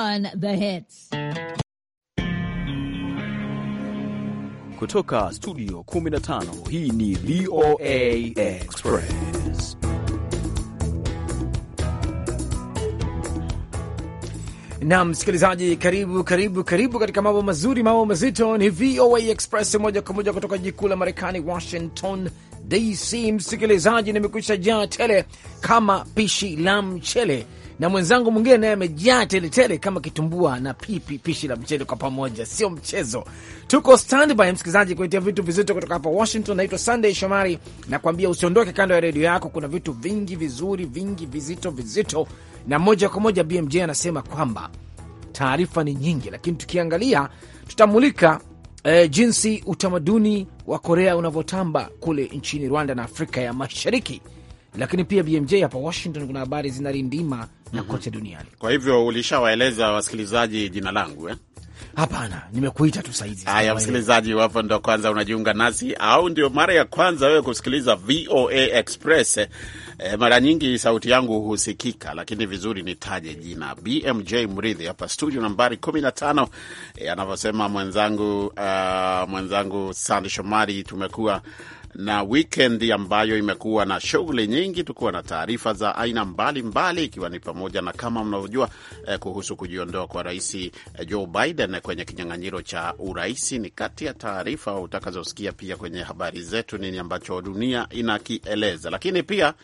On the hits. Kutoka studio 15 hii ni VOA Express. Na msikilizaji, karibu karibu karibu katika mambo mazuri, mambo mazito. Ni VOA Express moja kwa moja kutoka jikuu la Marekani, Washington DC. Msikilizaji, nimekwisha jaa tele kama pishi la mchele na mwenzangu mwingine naye amejaa teletele kama kitumbua na pipi pishi la mchele kwa pamoja, sio mchezo. Tuko standby msikilizaji, kuletea vitu vizito kutoka hapa Washington. Naitwa Sunday Shomari, nakwambia usiondoke kando ya redio yako, kuna vitu vingi vizuri vingi vizito vizito. Na moja kwa moja BMJ anasema kwamba taarifa ni nyingi, lakini tukiangalia tutamulika eh, jinsi utamaduni wa Korea unavyotamba kule nchini Rwanda na Afrika ya Mashariki lakini pia BMJ hapa Washington kuna habari zinarindima mm -hmm. na kote duniani. Kwa hivyo ulishawaeleza wasikilizaji jina langu eh? Hapana, nimekuita tu saizi. Haya, msikilizaji wapo ndo kwanza unajiunga nasi au ndio mara ya kwanza wewe kusikiliza VOA Express, eh, eh, mara nyingi sauti yangu husikika, lakini vizuri nitaje jina BMJ Mridhi hapa studio nambari 15, eh, anavyosema mwenzangu, uh, mwenzangu Sandi Shomari tumekuwa na wikendi ambayo imekuwa na shughuli nyingi, tukiwa na taarifa za aina mbalimbali, ikiwa ni pamoja na kama mnavyojua eh, kuhusu kujiondoa kwa rais eh, Joe Biden eh, kwenye kinyang'anyiro cha urais. Ni kati ya taarifa utakazosikia pia kwenye habari zetu, nini ambacho dunia inakieleza, lakini pia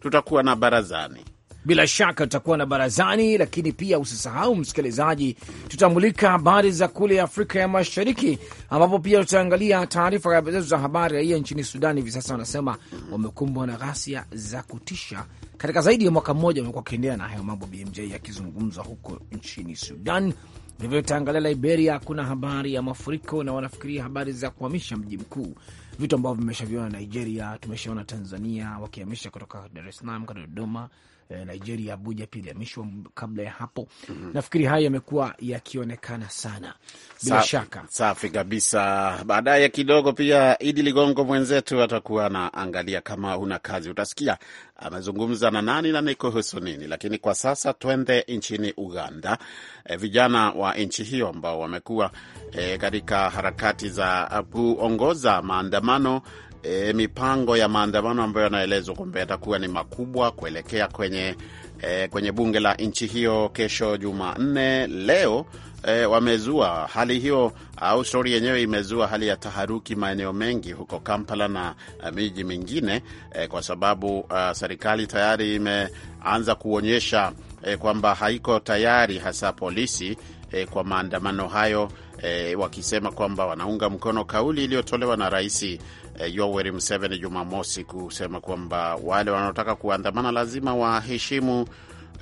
tutakuwa na barazani bila shaka tutakuwa na barazani, lakini pia usisahau msikilizaji, tutamulika habari za kule Afrika ya Mashariki, ambapo pia tutaangalia taarifa zetu za habari. Raia nchini Sudan hivi sasa wanasema wamekumbwa na ghasia za kutisha katika zaidi ya mwaka mmoja, wamekuwa wakiendelea na hayo mambo BMJ yakizungumzwa huko nchini Sudan. Vilevile tutaangalia Liberia, kuna habari ya mafuriko na wanafikiria habari za kuhamisha mji mkuu, vitu ambavyo vimeshaviona Nigeria, tumeshaona Tanzania wakihamisha kutoka Dar es Salaam kwenda Dodoma. Eh, Nigeria, Abuja, pia iliamishwa kabla ya hapo mm -hmm. Nafikiri haya yamekuwa yakionekana sana bila Sa shaka. Safi kabisa. Baadaye kidogo pia Idi Ligongo mwenzetu atakuwa anaangalia kama una kazi, utasikia amezungumza na nani na ni kuhusu nini. Lakini kwa sasa twende nchini Uganda. E, vijana wa nchi hiyo ambao wamekuwa e, katika harakati za kuongoza maandamano e, mipango ya maandamano ambayo yanaelezwa kwamba yatakuwa ni makubwa kuelekea kwenye e, kwenye bunge la nchi hiyo kesho Jumanne. Leo e, wamezua hali hiyo au stori yenyewe imezua hali ya taharuki maeneo mengi huko Kampala na e, miji mingine e, kwa sababu a, e, serikali tayari imeanza kuonyesha e, kwamba haiko tayari hasa polisi eh, kwa maandamano hayo eh, wakisema kwamba wanaunga mkono kauli iliyotolewa na Rais eh, Yoweri Museveni Jumamosi kusema kwamba wale wanaotaka kuandamana lazima waheshimu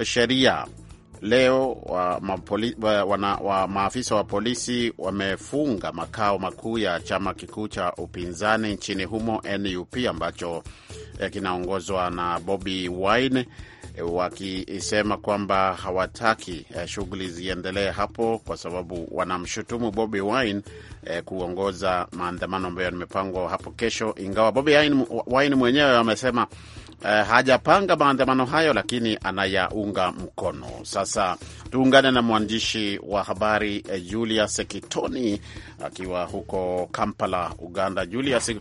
sheria. Leo wa, mapoli, wa, wana, wa, maafisa wa polisi wamefunga makao makuu ya chama kikuu cha upinzani nchini humo NUP ambacho eh, kinaongozwa na Bobi Wine Eh, wakisema kwamba hawataki eh, shughuli ziendelee hapo kwa sababu wanamshutumu Bobi Wine eh, kuongoza maandamano ambayo yamepangwa hapo kesho, ingawa Bobi Wine mwenyewe amesema eh, hajapanga maandamano hayo, lakini anayaunga mkono. Sasa tuungane na mwandishi wa habari eh, Julius Kitoni akiwa huko Kampala, Uganda. Julius, eh,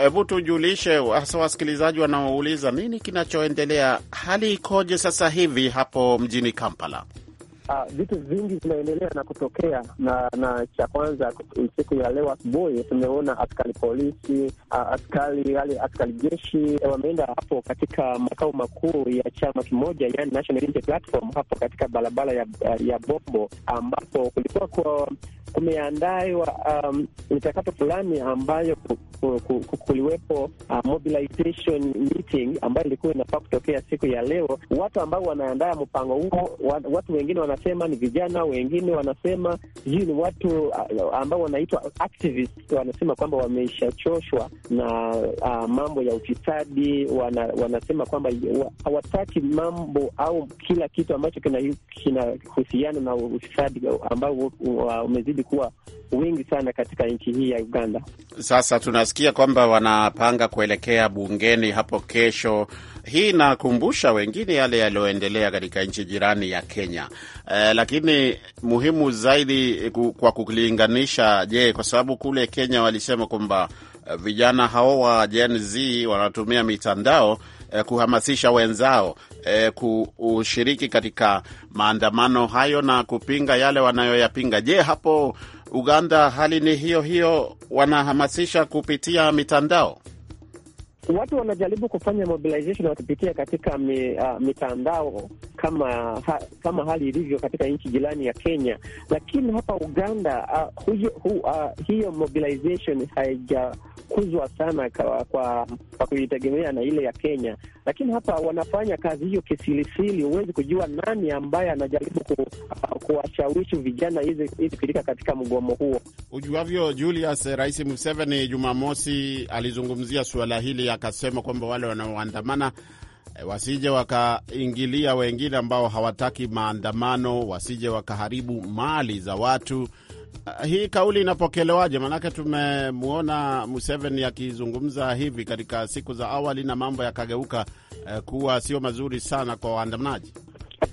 hebu eh, tujulishe hasa wasikilizaji wanaouliza nini kinachoendelea, hali ikoje sasa hivi hapo mjini Kampala? Ah, vitu vingi vinaendelea na kutokea na na cha kwanza, siku ya leo asubuhi tumeona askari polisi uh, askari wale askari jeshi wameenda hapo katika makao makuu ya chama kimoja, yani National Unity Platform hapo katika barabara ya, ya Bombo ambapo kulikuwa kwa kumeandaiwa um, fulani ambayo kuliwepo uh, mobilization meeting ambayo ilikuwa inafaa kutokea siku ya leo. Watu ambao wanaandaa mpango huo, watu wengine wanasema ni vijana, wengine wanasema sijui ni watu uh, ambao wanaitwa activist, wanasema kwamba wameishachoshwa na uh, mambo ya ufisadi. Wana, wanasema kwamba hawataki mambo au kila kitu ambacho kinahusiana kina na ufisadi ambao uh, umezidi kuwa wengi sana katika nchi hii ya Uganda. Sasa tunasikia kwamba wanapanga kuelekea bungeni hapo kesho. Hii inakumbusha wengine yale yaliyoendelea katika nchi jirani ya Kenya. Eh, lakini muhimu zaidi kwa kulinganisha, je, kwa sababu kule Kenya walisema kwamba eh, vijana hao wa Gen Z wanatumia mitandao eh, kuhamasisha wenzao eh, kushiriki katika maandamano hayo na kupinga yale wanayoyapinga. Je, hapo Uganda hali ni hiyo hiyo? Wanahamasisha kupitia mitandao watu wanajaribu kufanya mobilization wakipitia katika mi, uh, mitandao kama ha, kama hali ilivyo katika nchi jirani ya Kenya, lakini hapa Uganda uh, huyo, hu, uh, hiyo mobilization haija kukuzwa sana kwa, kwa, kwa kuitegemea na ile ya Kenya, lakini hapa wanafanya kazi hiyo kisilisili. Huwezi kujua nani ambaye anajaribu ku, uh, kuwashawishi vijana hizi kushirika katika mgomo huo. Ujuavyo Julius, eh, Rais Museveni Jumamosi alizungumzia suala hili akasema kwamba wale wanaoandamana eh, wasije wakaingilia wengine ambao hawataki maandamano, wasije wakaharibu mali za watu Ah, hii kauli inapokelewaje? Maanake tumemwona Museveni akizungumza hivi katika siku za awali na mambo yakageuka eh, kuwa sio mazuri sana kwa waandamanaji.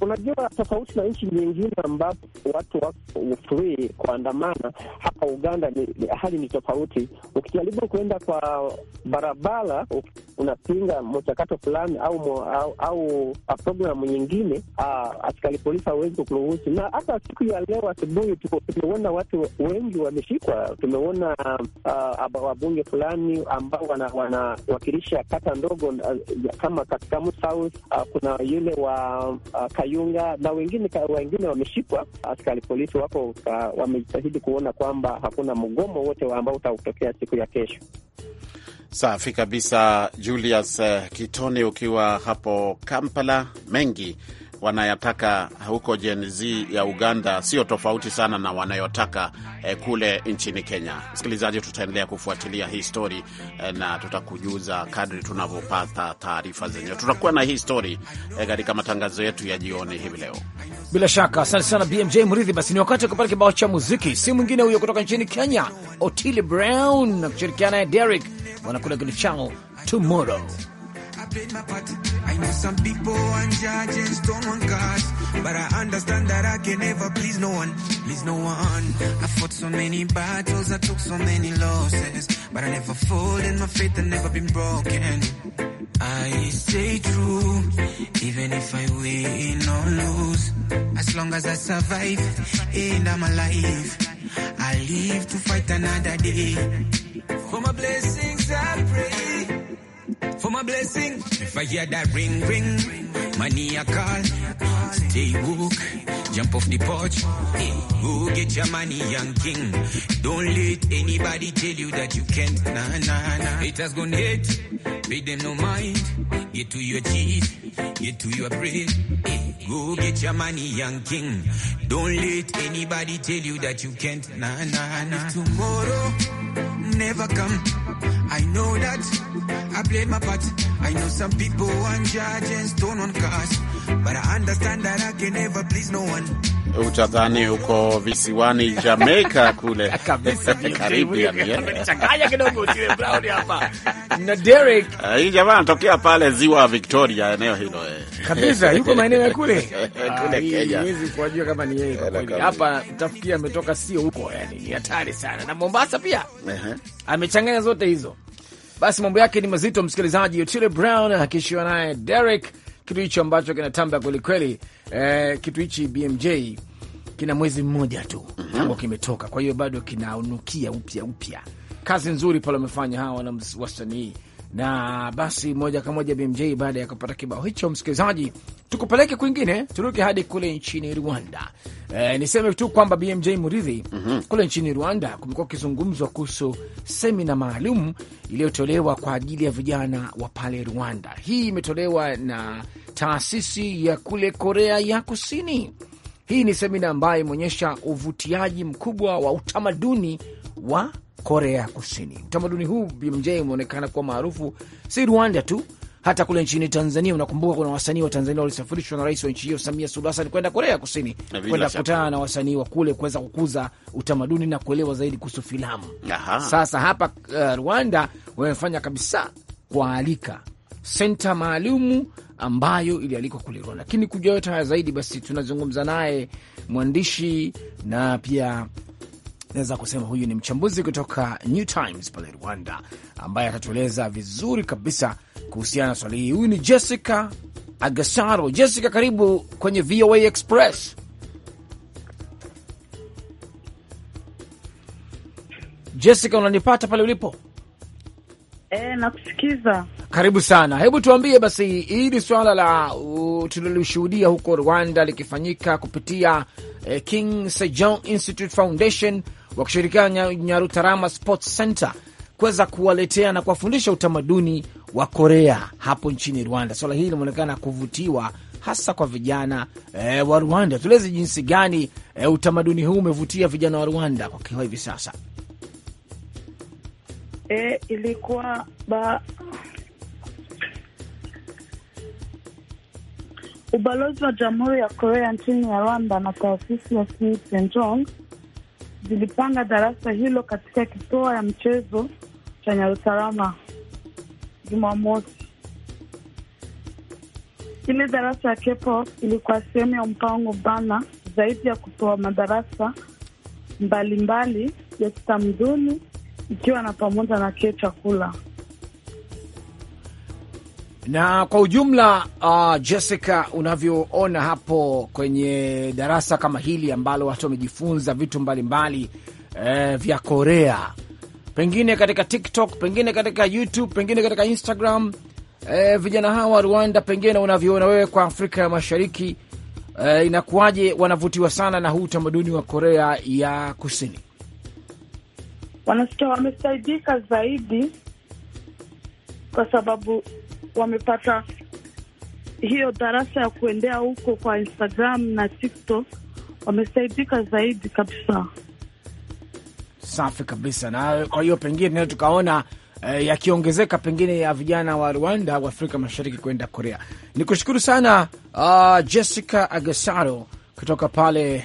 Unajua, tofauti na nchi nyingine ambapo watu wako free kuandamana, hapa Uganda ni, hali ni tofauti. Ukijaribu kuenda kwa barabara unapinga mchakato fulani au, au, au programu nyingine, ah, askari polisi hawezi kukuruhusu. Na hata siku ya leo asubuhi tumeona watu wengi wameshikwa. Tumeona ah, wabunge fulani ambao wanawakilisha wana kata ndogo uh, kama katika South, uh, kuna yule wa uh, Kayunga na wengine wengine wameshikwa. Askari polisi wako uh, wamejitahidi kuona kwamba hakuna mgomo wote ambao utatokea siku ya kesho. Safi kabisa, Julius eh, Kitone, ukiwa hapo Kampala. Mengi wanayataka huko Gen Z ya Uganda sio tofauti sana na wanayotaka eh, kule nchini Kenya. Msikilizaji, tutaendelea kufuatilia hii stori eh, na tutakujuza kadri tunavyopata taarifa zenyewe. Tutakuwa na hii stori eh, katika matangazo yetu ya jioni hivi leo. Bila shaka, asante sana BMJ Mridhi. Basi ni wakati wa kupata kibao cha muziki, si mwingine huyo kutoka nchini Kenya, Otile Brown na kushirikiana naye Derek, wanakula kitu chao tomorrow played my part. I know some people want judges, don't want cars. But I understand that I can never please no one, please no one. I fought so many battles, I took so many losses. But I never folded my faith, i never been broken. I stay true, even if I win or lose. As long as I survive, and I'm alive, I live to fight another day. For my blessings, I pray my blessing. If I hear that ring, ring, money I call stay woke, jump off the porch, hey, go get your money, young king. Don't let anybody tell you that you can't, nah, nah, nah. Haters gonna hate, pay them no mind. Get to your cheese, get to your bread, hey, go get your money, young king. Don't let anybody tell you that you can't, nah, nah, nah. If tomorrow never come, I know that I played my part. I know some people want judge and stone on cash, but I understand that I can never please no one. Utadhani uko visiwani Jamaica kule Caribbean. Changanya kidogo tile Brown hapa. Na Derek. Ah, hii jamaa anatokea pale Ziwa Victoria eneo hilo eh. Kabisa yuko maeneo ya kule. Kule ah, Kenya. Huwezi kujua kama ni yeye kwa kweli. Hapa mtafikia ametoka sio huko yani ni hatari sana. Na Mombasa pia. Amechanganya zote hizo. Basi mambo yake ni mazito, msikilizaji. Otile Brown akishiwa naye Derek, kitu hicho ambacho kinatamba kwelikweli. Eh, kitu hichi BMJ kina mwezi mmoja tu mm -hmm. kimetoka, kwa hiyo bado kinaunukia upya upya. Kazi nzuri pale wamefanya hawa na wasanii na basi moja kwa moja BMJ, baada ya kupata kibao hicho, msikilizaji, tukupeleke kwingine, turuke hadi kule nchini Rwanda. E, niseme tu kwamba BMJ Muridhi, mm -hmm. kule nchini Rwanda kumekuwa kizungumzwa kuhusu semina maalum iliyotolewa kwa ajili ya vijana wa pale Rwanda. Hii imetolewa na taasisi ya kule Korea ya Kusini. Hii ni semina ambayo imeonyesha uvutiaji mkubwa wa utamaduni wa Korea Kusini. Utamaduni huu BMJ umeonekana kuwa maarufu si Rwanda tu, hata kule nchini Tanzania. Unakumbuka kuna wasanii wa Tanzania walisafirishwa na rais wa nchi hiyo Samia Suluhu Hassan kwenda Korea Kusini kwenda kukutana na wasanii wa kule kuweza kukuza utamaduni na kuelewa zaidi kuhusu filamu. Sasa hapa uh, Rwanda wamefanya kabisa kuwaalika senta maalumu ambayo ilialikwa kule Rwanda. Lakini kujua yote haya zaidi, basi tunazungumza naye mwandishi na pia naweza kusema huyu ni mchambuzi kutoka New Times pale Rwanda, ambaye atatueleza vizuri kabisa kuhusiana na swali hii Huyu ni Jessica Agasaro. Jessica, karibu kwenye VOA Express. Jessica, unanipata pale ulipo? E, nakusikiza. Karibu sana. Hebu tuambie basi hili swala la tulilishuhudia huko Rwanda likifanyika kupitia eh, King Sejong Institute Foundation wakishirikiana Nyarutarama Sports Center kuweza kuwaletea na kuwafundisha utamaduni wa Korea hapo nchini Rwanda. Swala hili limeonekana kuvutiwa hasa kwa vijana e, wa Rwanda. Tueleze jinsi gani e, utamaduni huu umevutia vijana wa Rwanda kwa hivi sasa. E, ilikuwa ba... ubalozi wa Jamhuri ya Korea nchini ya Rwanda na taasisi ya Kim zilipanga darasa hilo katika kituo ya mchezo cha Nyarutarama Jumamosi. Ile darasa ya K-pop ilikuwa sehemu ya mpango bana zaidi ya kutoa madarasa mbalimbali mbali ya kitamduni ikiwa na pamoja na kee chakula na kwa ujumla uh, Jessica, unavyoona hapo kwenye darasa kama hili ambalo watu wamejifunza vitu mbalimbali eh, vya Korea, pengine katika TikTok, pengine katika YouTube, pengine katika Instagram eh, vijana hawa wa Rwanda, pengine unavyoona wewe kwa Afrika ya Mashariki eh, inakuwaje, wanavutiwa sana na huu utamaduni wa Korea ya Kusini? Wanasikia wamesaidika zaidi kwa sababu wamepata hiyo darasa ya kuendea huko kwa Instagram na TikTok, wamesaidika zaidi kabisa. Safi kabisa. Na kwa hiyo pengine tunayo tukaona eh, yakiongezeka pengine ya vijana wa Rwanda au Afrika Mashariki kwenda Korea. Ni kushukuru sana uh, Jessica Agasaro kutoka pale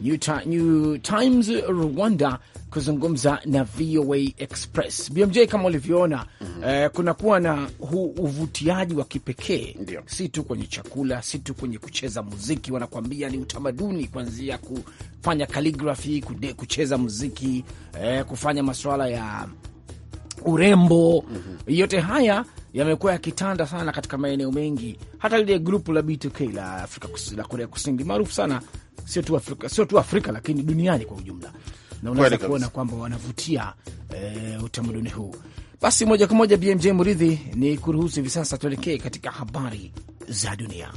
New, New Times Rwanda kuzungumza na VOA Express. BMJ, kama ulivyoona mm -hmm. Eh, kunakuwa na uvutiaji wa kipekee, si tu kwenye chakula, si tu kwenye kucheza muziki. Wanakuambia ni utamaduni, kuanzia kufanya kaligrafi, kucheza muziki, eh, kufanya masuala ya urembo mm -hmm. Yote haya yamekuwa yakitanda sana katika maeneo mengi, hata lile grupu la B2K la Afrika la Korea Kusini maarufu sana, sio tu Afrika, sio tu Afrika, lakini duniani kwa ujumla na unaweza kuona kwamba wanavutia e, utamaduni huu. Basi moja kwa moja BMJ Muridhi ni kuruhusu hivi sasa tuelekee katika habari za dunia.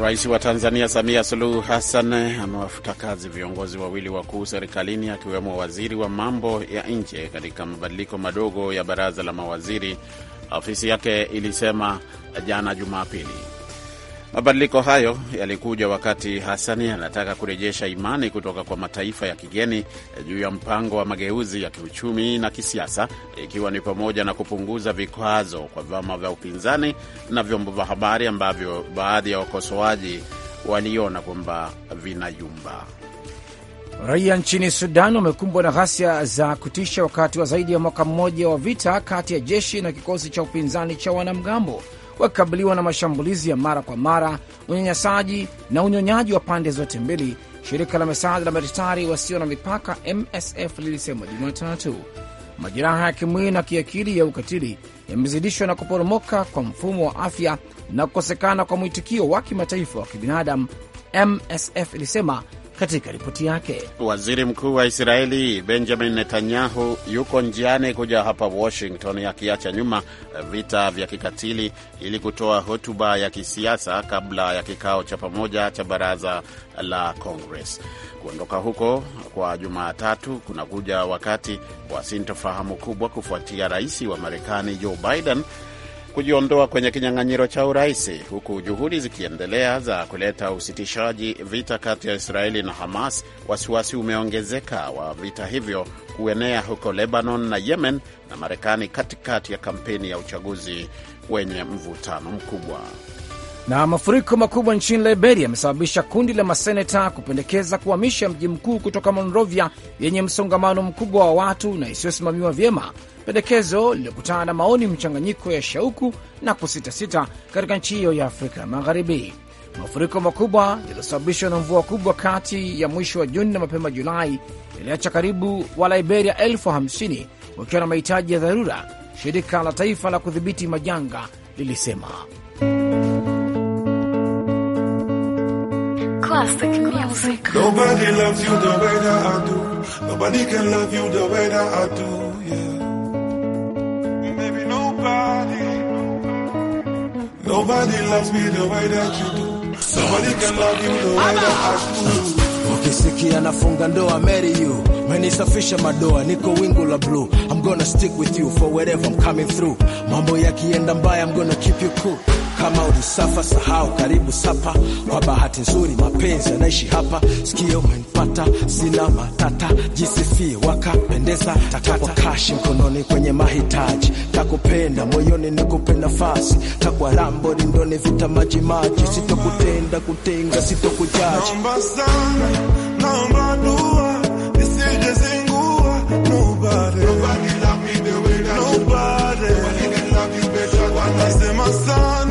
Rais wa Tanzania Samia Suluhu Hassan amewafuta kazi viongozi wawili wakuu serikalini akiwemo waziri wa mambo ya nje katika mabadiliko madogo ya baraza la mawaziri, ofisi yake ilisema jana Jumapili. Mabadiliko hayo yalikuja wakati Hasani anataka kurejesha imani kutoka kwa mataifa ya kigeni eh, juu ya mpango wa mageuzi ya kiuchumi na kisiasa, ikiwa ni pamoja na kupunguza vikwazo kwa vyama vya upinzani na vyombo vya habari ambavyo baadhi ya wakosoaji waliona kwamba vinayumba. Raia nchini Sudan wamekumbwa na ghasia za kutisha wakati wa zaidi ya mwaka mmoja wa vita kati ya jeshi na kikosi cha upinzani cha wanamgambo wakikabiliwa na mashambulizi ya mara kwa mara, unyanyasaji na unyonyaji wa pande zote mbili, shirika la misaada la madaktari wasio na mipaka MSF lilisema Jumatatu. Majeraha ya kimwili na kiakili ya ukatili yamezidishwa na kuporomoka kwa mfumo wa afya na kukosekana kwa mwitikio wa kimataifa wa kibinadamu, MSF ilisema katika ripoti yake. Waziri mkuu wa Israeli Benjamin Netanyahu yuko njiani kuja hapa Washington, akiacha nyuma vita vya kikatili ili kutoa hotuba ya kisiasa kabla ya kikao cha pamoja cha baraza la Congress. Kuondoka huko kwa Jumatatu kunakuja wakati wa sintofahamu kubwa kufuatia rais wa Marekani Joe Biden kujiondoa kwenye kinyang'anyiro cha urais huku juhudi zikiendelea za kuleta usitishaji vita kati ya Israeli na Hamas. Wasiwasi umeongezeka wa vita hivyo kuenea huko Lebanon na Yemen na Marekani katikati ya kampeni ya uchaguzi wenye mvutano mkubwa. Na mafuriko makubwa nchini Liberia yamesababisha kundi la maseneta kupendekeza kuhamisha mji mkuu kutoka Monrovia yenye msongamano mkubwa wa watu na isiyosimamiwa vyema pendekezo lililokutana na maoni mchanganyiko ya shauku na kusitasita katika nchi hiyo ya Afrika Magharibi. Mafuriko makubwa yaliyosababishwa na mvua kubwa kati ya mwisho wa Juni na mapema Julai yaliacha karibu wa Liberia elfu hamsini wakiwa na mahitaji ya dharura, shirika la taifa la kudhibiti majanga lilisema. Classic music. nobody. Nobody loves me the way that you do. Somebody can love you the way that I do. Ukisikia nafunga ndoa marry you, menisafisha madoa, niko wingu la blue. I'm gonna stick with you for wherever I'm coming through. Mambo yakienda mbaya, I'm gonna keep you cool. kama ulisafa sahau, karibu sapa. Kwa bahati nzuri mapenzi yanaishi hapa, sikio umenipata, sina matata, jisifie wakapendeza, takata kashi mkononi kwenye mahitaji, takupenda moyoni nikupe nafasi, takwa rambo rindoni vita maji maji, sitokutenda kutenga, sitokujaji Nobody, nobody. Nobody. Nobody. you better than Nobody.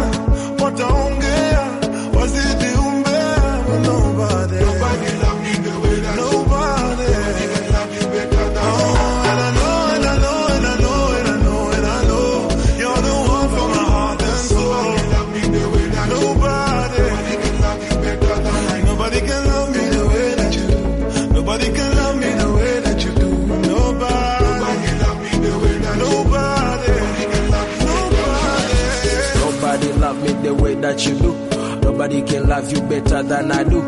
that you do. Nobody can love you better than I do.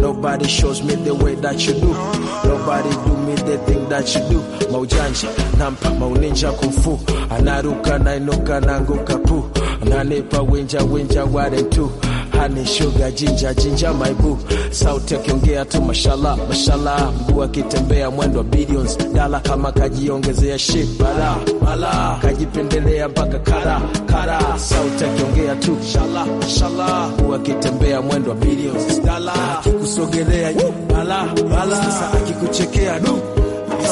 Nobody shows me the way that you do. Nobody do me the thing that you do. Maujanja, nampa mauninja kufu. Anaruka nainuka nanguka kapu. Nanipa winja winja ware tu. honey sugar jinja jinja my boo, sauti akiongea tu mashallah mashallah, mguu akitembea mwendo wa billions dala, kama kajiongezea shit bala bala, kajipendelea mpaka kara kara, sauti akiongea tu shala shala, mguu akitembea mwendo wa billions dala, akikusogelea bala bala, sasa akikuchekea du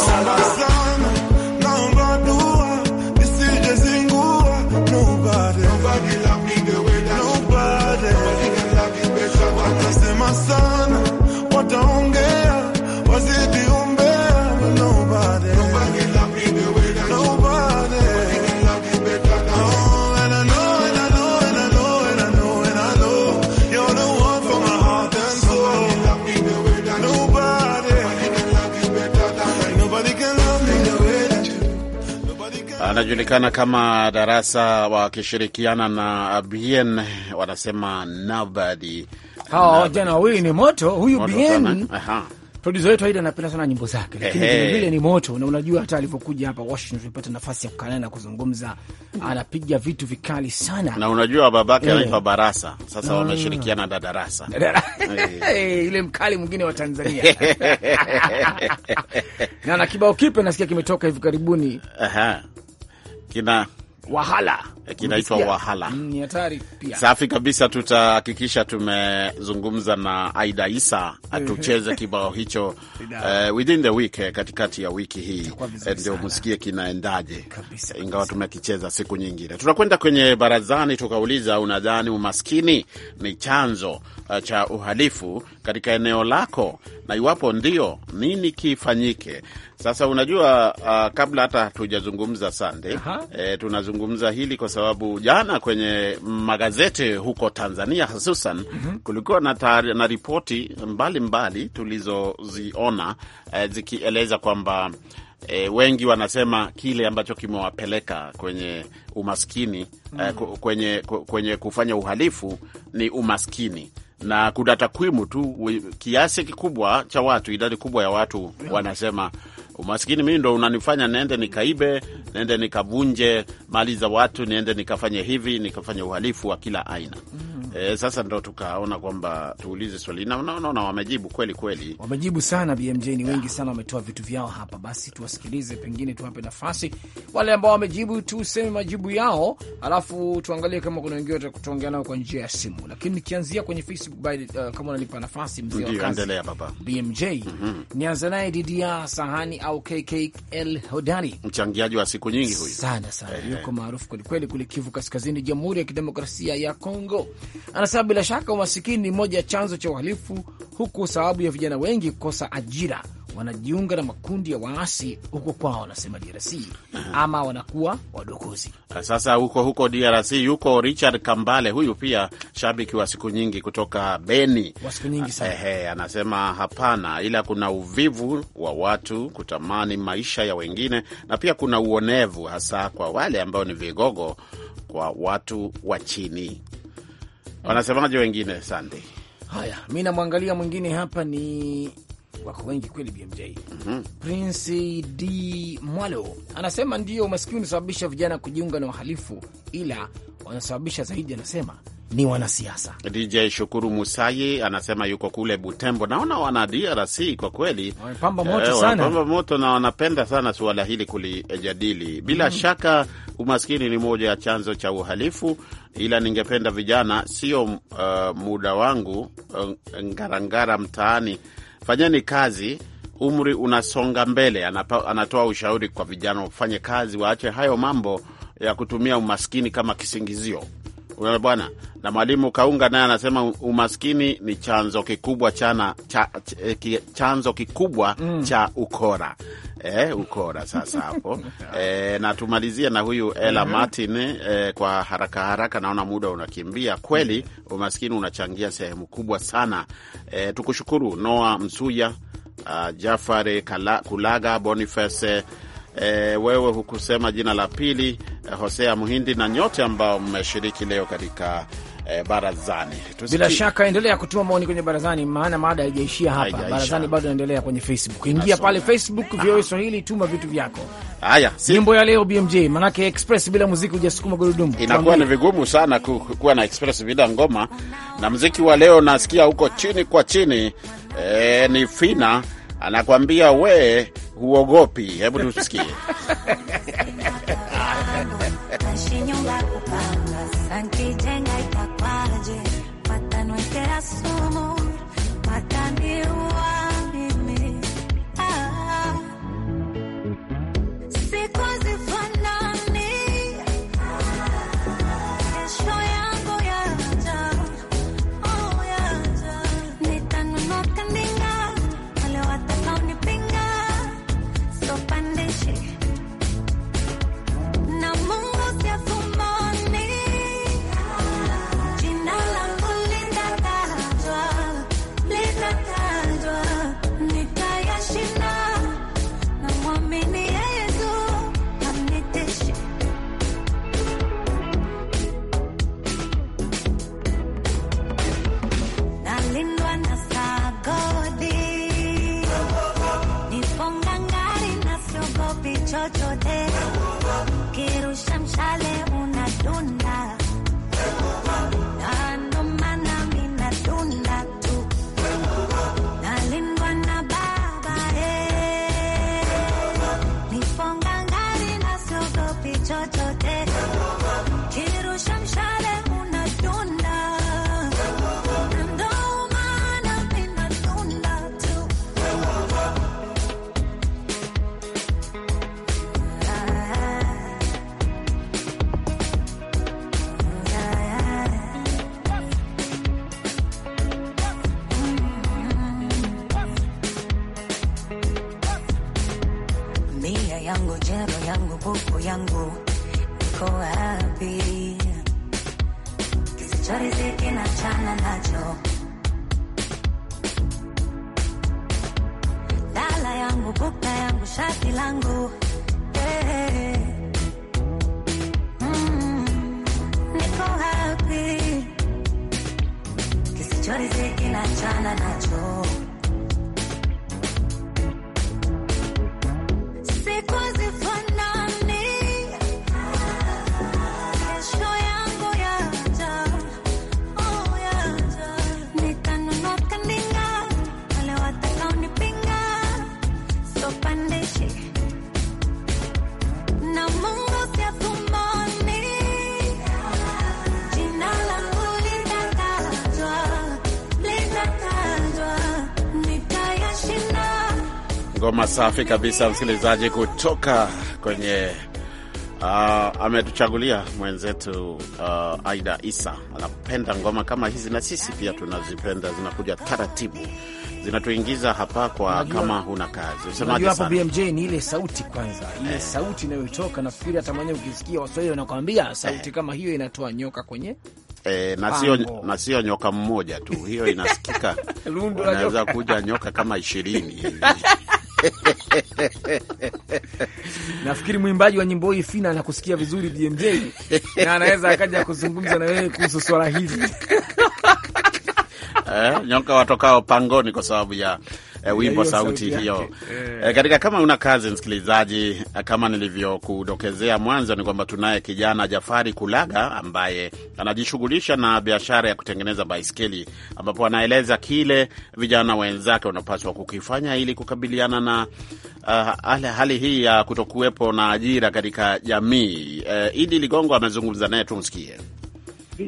sala anajulikana kama Darasa wakishirikiana na Bien wanasema nobody. Hawa wajana wawili ni moto. Huyu Bien produsa wetu Aida anapenda sana nyimbo zake, lakini vilevile ni moto, na unajua hata alivyokuja hapa Washington tulipata nafasi ya kukaa na kuzungumza, anapiga vitu vikali sana, na unajua babake eh. anaitwa eh, Barasa. Sasa ah. wameshirikiana na Darasa eh. ile mkali mwingine wa Tanzania na na kibao kipe nasikia kimetoka hivi karibuni. Aha. 一般。Wahala eh, kinaitwa Wahala. Mm, ni hatari pia. Safi kabisa, tutahakikisha tumezungumza na Aida Isa atucheze kibao hicho uh, within the week, eh, katikati ya wiki hii ndio musikie kinaendaje, ingawa tumekicheza siku nyingine. Tunakwenda kwenye barazani, tukauliza unadhani umaskini ni chanzo uh, cha uhalifu katika eneo lako, na iwapo ndio, nini kifanyike? Sasa unajua uh, kabla hata hatujazungumza Sande, eh, tunazungumza tunazungumza hili kwa sababu jana kwenye magazeti huko Tanzania hususan mm -hmm. kulikuwa na, na ripoti mbalimbali tulizoziona eh, zikieleza kwamba E, wengi wanasema kile ambacho kimewapeleka kwenye umaskini eh, mm e, kwenye, kwenye kufanya uhalifu ni umaskini na kuna takwimu tu kiasi kikubwa cha watu, idadi kubwa ya watu mm. wanasema Umaskini mimi ndo unanifanya niende nikaibe, niende nikavunje mali za watu, niende nikafanye hivi, nikafanye uhalifu wa kila aina. mm. E, sasa ndo tukaona kwamba tuulize swali na unaona no, no, wamejibu kweli kweli, wamejibu sana BMJ, ni wengi yeah, sana wametoa vitu vyao hapa. Basi tuwasikilize, pengine tuwape nafasi wale ambao wamejibu, tuseme majibu yao, alafu tuangalie kama kuna wengine tutaongea nao kwa njia ya simu, lakini nikianzia kwenye Facebook by, uh, kama unalipa nafasi mzee wa kazi BMJ, mm -hmm. nianza naye DDR Sahani au KKL Hodari, mchangiaji wa siku nyingi huyu sana sana, yuko maarufu kwelikweli kule Kivu Kaskazini, Jamhuri ya Kidemokrasia ya Kongo. Anasema bila shaka umasikini ni moja ya chanzo cha uhalifu, huku sababu ya vijana wengi kukosa ajira wanajiunga na makundi ya waasi huko kwao, wanasema DRC ama wanakuwa wadokozi. Sasa huko huko DRC yuko Richard Kambale, huyu pia shabiki wa siku nyingi kutoka Beni, wa siku nyingi sana. Ehe, anasema hapana, ila kuna uvivu wa watu kutamani maisha ya wengine na pia kuna uonevu, hasa kwa wale ambao ni vigogo kwa watu wa chini Wanasemaje wengine, Sande? Haya, mi namwangalia mwingine hapa, ni wako wengi kweli BMJ. mm -hmm. Prince D Mwalo anasema ndio umasikini unasababisha vijana kujiunga na wahalifu, ila wanasababisha zaidi, anasema ni wanasiasa. DJ Shukuru Musayi anasema yuko kule Butembo. Naona wana DRC kwa kweli pamba eh, moto sana, pamba moto na wanapenda sana suala hili kulijadili. Bila mm shaka umaskini ni moja ya chanzo cha uhalifu, ila ningependa vijana, sio uh, muda wangu uh, ngarangara mtaani, fanyeni kazi umri unasonga mbele. Anapa, anatoa ushauri kwa vijana wafanye kazi, waache hayo mambo ya kutumia umaskini kama kisingizio bwana. Na mwalimu Kaunga naye anasema umaskini ni chanzo kikubwa chana, cha, eh, chanzo kikubwa mm. cha ukora eh, ukora sasa hapo eh, na tumalizie na huyu Ela mm -hmm. Martin eh, kwa haraka haraka, naona muda unakimbia kweli. Umaskini unachangia sehemu kubwa sana eh, tukushukuru Noa Msuya Uh, ah, Jafari Kulaga Boniface, eh, wewe hukusema jina la pili Eh, Hosea Muhindi na nyote ambao mmeshiriki leo katika E, barazani. Tusiki. Bila shaka endelea kutuma maoni kwenye barazani, maana mada haijaishia hapa. Barazani bado inaendelea kwenye Facebook. Ingia pale Facebook ah. VOA Swahili, tuma vitu vyako. Haya, nyimbo ya leo BMJ, manake express bila muziki hujasukuma gurudumu. Inakuwa ni vigumu sana ku, kuwa na express bila ngoma, na muziki wa leo nasikia huko chini kwa chini e, ni Fina anakuambia we huogopi. Hebu tusikie chini ya kupanga. Asante. safi kabisa, msikilizaji kutoka kwenye uh, ametuchagulia mwenzetu uh, Aida Isa anapenda ngoma kama hizi, na sisi pia tunazipenda. Zinakuja taratibu, zinatuingiza hapa kwa najua, kama huna kazi usemaje? Hapo BMJ ni ile sauti kwanza, ile eh, sauti inayotoka nafikiri hata mwenyewe ukisikia Waswahili wanakwambia sauti eh, kama hiyo inatoa nyoka kwenye E, na sio nyoka mmoja tu, hiyo inasikika, unaweza kuja nyoka kama ishirini hivi Nafikiri mwimbaji wa nyimbo hii Fina anakusikia vizuri BMJ, na anaweza akaja kuzungumza na wewe kuhusu swala hili eh, nyoka watokao pangoni kwa sababu ya eh, wimbo sauti hiyo eh. Katika kama una kazi, msikilizaji, eh, kama nilivyokudokezea mwanzo, ni kwamba tunaye kijana Jafari Kulaga ambaye anajishughulisha na biashara ya kutengeneza baiskeli, ambapo anaeleza kile vijana wenzake wanapaswa kukifanya ili kukabiliana na uh, hali hii ya kutokuwepo na ajira katika jamii. Uh, Idi Ligongo amezungumza naye, tumsikie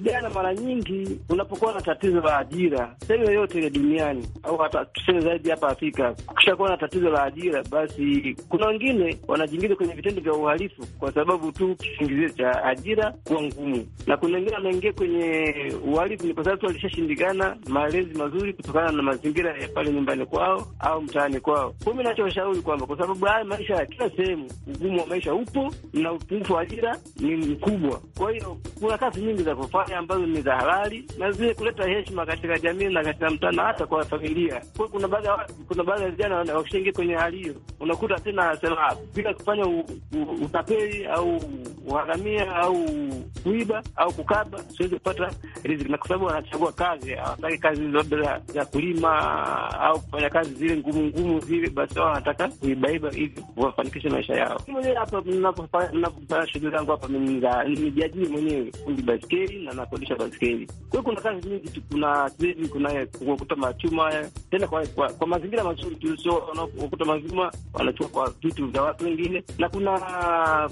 vijana mara nyingi unapokuwa na tatizo la ajira sehemu yoyote ile duniani au hata tuseme zaidi hapa Afrika, ukishakuwa na tatizo la ajira, basi kuna wengine wanajiingiza kwenye vitendo vya uhalifu kwa sababu tu kisingizio cha ajira kuwa ngumu, na kuna wengine wanaingia kwenye uhalifu ni kwa sababu tu walishashindikana malezi mazuri kutokana na mazingira ya pale nyumbani kwao au mtaani kwao. Kwa mi nachoshauri kwamba kwa sababu haya maisha ya kila sehemu, ugumu wa maisha upo na upungufu wa ajira ni mkubwa, kwa hiyo kuna kazi nyingi za kufanya habari ambazo ni za halali na zile kuleta heshima katika jamii na katika mtaa na hata kwa familia. Kwa kuna baadhi ya watu, kuna baadhi ya vijana wakishaingia kwenye hali hiyo, unakuta tena silaha bila kufanya utapeli au uharamia au kuiba au kukaba, siwezi kupata riziki, na kwa sababu wanachagua kazi, hawataki kazi labda za kulima au kufanya kazi zile ngumu ngumu zile, basi wao wanataka kuibaiba hivi wafanikishe maisha yao. Mwenyewe hapa mnapofanya shughuli zangu hapa, mimi nijiajiri mwenyewe kundi baiskeli na na anakodisha baskeli. Kwa hiyo kuna kazi nyingi, kuna zizi, kuna kukuta machuma tena kwa, kwa, kwa mazingira mazuri tu, sio wanaokuta machuma wanachukua kwa vitu vya watu wengine, na kuna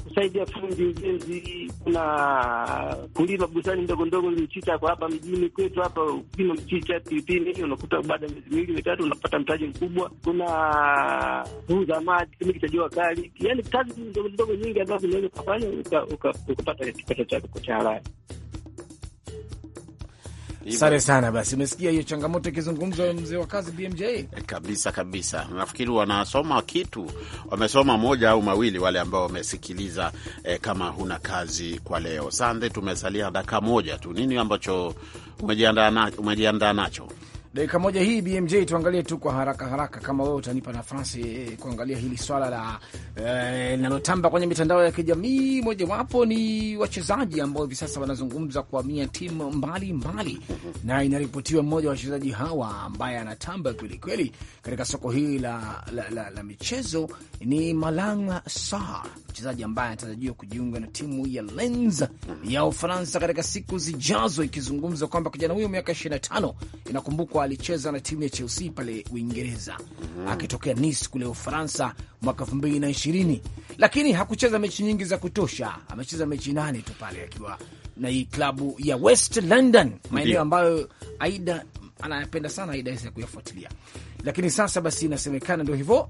kusaidia fundi ujenzi, kuna kulima bustani ndogo ndogo mchicha. Kwa hapa mjini kwetu hapa ukilima mchicha pilipili, unakuta baada ya miezi miwili mitatu unapata mtaji mkubwa. Kuna kuuza maji, kipindi cha jua kali, yani kazi ndogo ndogo nyingi ambazo unaweza kufanya ukapata kipato chako cha halali. Sare sana basi, umesikia hiyo changamoto ikizungumzwa, mzee wa kazi BMJ eh, kabisa kabisa. Nafikiri wanasoma kitu, wamesoma moja au mawili, wale ambao wamesikiliza. Eh, kama huna kazi kwa leo, sande, tumesalia dakika moja tu. Nini ambacho umejiandaa nacho? dakika moja hii BMJ, tuangalie tu kwa haraka haraka, kama wewe utanipa nafasi eh, kuangalia hili swala la eh, linalotamba eh, kwenye mitandao ya kijamii. Mojawapo ni wachezaji ambao hivi sasa wanazungumza kuhamia timu mbalimbali, na inaripotiwa mmoja wa wachezaji hawa ambaye anatamba kwelikweli katika soko hili la, la, la, la michezo ni Malanga sa mchezaji ambaye anatarajiwa kujiunga na timu ya Lens ya Ufaransa katika siku zijazo, ikizungumza kwamba kijana huyo miaka 25 inakumbukwa alikuwa alicheza na timu ya Chelsea pale Uingereza mm -hmm. akitokea Nice kule Ufaransa mwaka elfu mbili na ishirini, lakini hakucheza mechi nyingi za kutosha. Amecheza mechi nane tu pale akiwa na hii klabu ya West London, maeneo ambayo Aida anayapenda sana, Aida aweza kuyafuatilia. Lakini sasa basi, inasemekana ndo hivyo,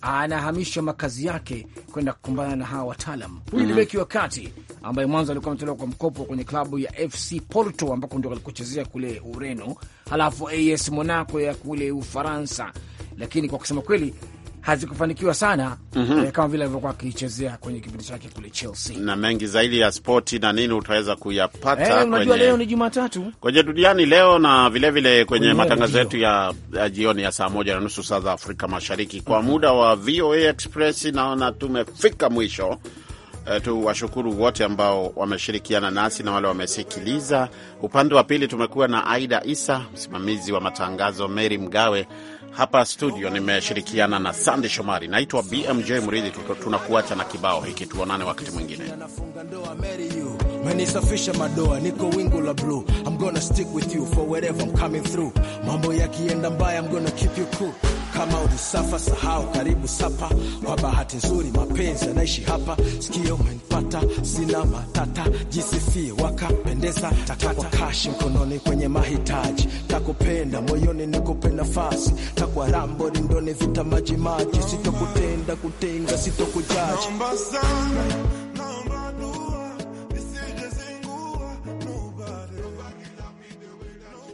anahamisha makazi yake kwenda kukumbana na hawa wataalam. Huyu ni mhm. beki wa kati ambaye mwanzo alikuwa ametolewa kwa mkopo kwenye klabu ya FC Porto ambako ndio alikuchezea kule Ureno halafu AS Monaco ya kule Ufaransa, lakini kwa kusema kweli hazikufanikiwa sana mm -hmm. kama vile alivyokuwa akiichezea kwenye kipindi chake kule Chelsea. Na mengi zaidi ya spoti na nini utaweza kuyapata hey, eh, kwenye... leo ni Jumatatu kwenye duniani leo na vilevile vile kwenye, matangazo yetu ya, ya jioni ya saa moja na nusu saa za Afrika Mashariki kwa mm -hmm. muda wa VOA Express. Naona tumefika mwisho Eh, tuwashukuru wote ambao wameshirikiana nasi na wale wamesikiliza. Upande wa pili tumekuwa na Aida Isa, msimamizi wa matangazo Mary Mgawe. Hapa studio nimeshirikiana na Sande Shomari. Naitwa BMJ Mridhi. Tunakuacha na kibao hiki, tuonane wakati mwingine. Menisafisha madoa, niko wingu la blue. I'm gonna stick with you for wherever I'm coming through. Mambo yakienda mbaya, I'm gonna keep you cool. Kama ulisafa sahau, karibu sapa. Kwa bahati nzuri mapenzi yanaishi hapa. Sikio umenipata, sina matata. Jisifie wakapendeza, takata kashi mkononi kwenye mahitaji. Takupenda moyoni, nikupe nafasi. Takwa rambo lindoni, vita majimaji. Sitokutenda kutenga, sitokujaji